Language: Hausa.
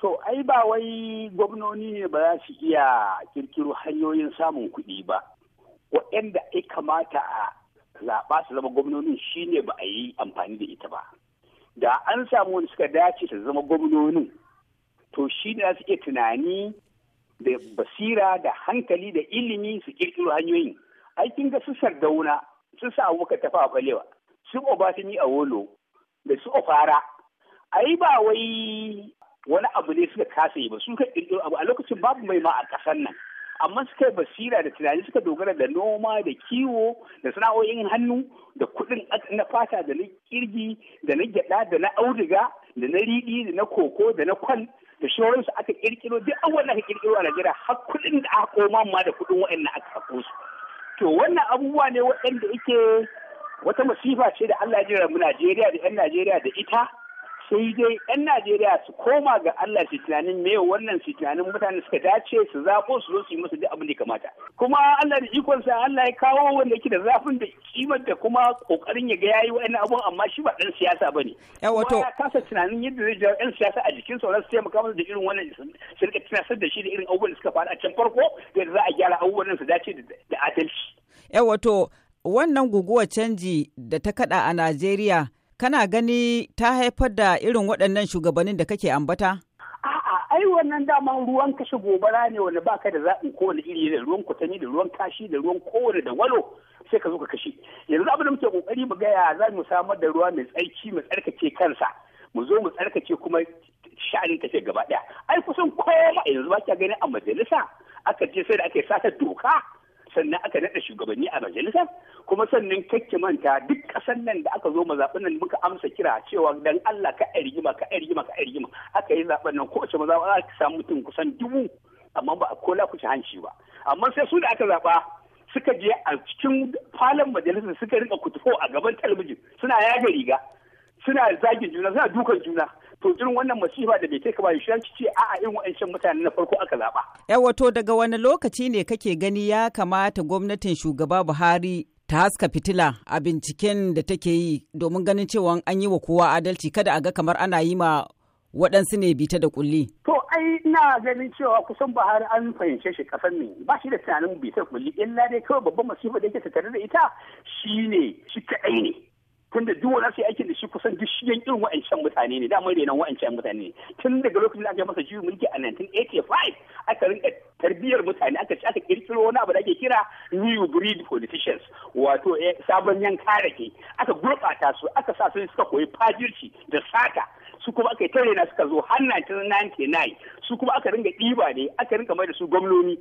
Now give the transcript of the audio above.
To, ai ba wai gwamnoni ne ba za su iya kirkiro hanyoyin samun kuɗi ba. Waɗanda ai kamata a zaɓa su zama gwamnoni shi ne ba a yi amfani da ita ba. Da an samu wani suka dace su zama gwamnonin, to shi ne za su iya tunani da basira da hankali da ilimi su kirkiro hanyoyin. Aikin ga su sardauna, su sa abubakar tafa a falewa. su obatani a wolo, da su ofara. Ai ba wai wani abu ne suka kasa yi ba su ka kirkiro abu a lokacin babu mai ma a ƙasar nan amma suka basira da tunani suka dogara da noma da kiwo da sana'o'in hannu da kuɗin na fata da na kirgi da na gyaɗa da na auduga da na riɗi da na koko da na kwal da shawararsu aka kirkiro duk abubuwan da aka kirkiro a Najeriya har kuɗin da aka koma ma da kuɗin waɗanda aka hako su. To wannan abubuwa ne waɗanda yake wata masifa ce da Allah ya jira mu Najeriya da 'yan Najeriya da ita sai dai 'yan Najeriya su koma ga Allah su tunanin me wannan su tunanin mutane suka dace su zaɓo su zo su yi musu duk abin da kamata. Kuma Allah da ikonsa Allah ya kawo wanda yake da zafin da kimar da kuma kokarin ya ga yayi wa'annan abun amma shi ba dan siyasa bane. Ya wato. ya kasa tunanin yadda zai jawo 'yan siyasa a jikin sauran su taimaka masa da irin wannan su rika tunasar da shi da irin abubuwan da suka faru a can farko da za a gyara abubuwan su dace da adalci. Ya wato. wannan guguwar canji da ta kada a Najeriya kana gani ta haifar da irin waɗannan shugabannin da kake ambata? A'a, ai wannan daman ruwan kashe gobara ne wanda ba ka da zaɓin kowane iri da ruwan kwatanni da ruwan kashi da ruwan kowane da walo sai ka zo ka kashe. Yanzu abin da muke kokari mu gaya za mu samar da ruwa mai tsarki mu tsarkake kansa. mu zo mu tsarkake kuma sha'anin tafiya gaba ɗaya. Ai kusan kowa yanzu ba gani a majalisa aka je sai da ake sata doka sannan aka naɗa shugabanni a majalisa kuma sannan kake manta duk ƙasar nan da aka zo ma zaɓen nan muka amsa kira cewa dan Allah ka a rigima ka a rigima ka a rigima aka yi zaɓen nan ko kowace maza za aka samu mutum kusan dubu amma ba a kola ci hanci ba amma sai su da aka zaɓa suka je a cikin falon majalisar suka rika kutufo a gaban talabijin suna yaga riga suna zagin juna suna dukan juna to jin wannan masifa da bai kai ba ya yanki ce a'a irin wa'ancan mutane na farko aka zaba. Yawa eh, to daga wani lokaci ne kake gani ya kamata gwamnatin shugaba Buhari ta haska fitila a binciken da take yi domin ganin cewa an yi wa kowa adalci kada a ga kamar ana yi ma waɗansu ne bita da kulli. To ai ina ganin cewa kusan Buhari an fahimce shi kasan ne ba shi da tunanin bita kulli illa dai kawai babban masifa da yake tattare da ita shine shi kaɗai ne. tunda duk wanda sai aikin da shi kusan duk shi yan irin wa'ancan mutane ne damar renon wa'ancan mutane ne tun daga lokacin da aka masa juyin mulki a 1985 aka rinka tarbiyyar mutane aka ci aka kirkiro wani abu da ake kira new breed politicians wato eh, sabon yan karake aka gurɓata su aka sa su suka koyi fajirci da sata su kuma aka yi tare na suka zo har 1999 su kuma aka rinka ɗiba ne aka rinka mai da su gwamnoni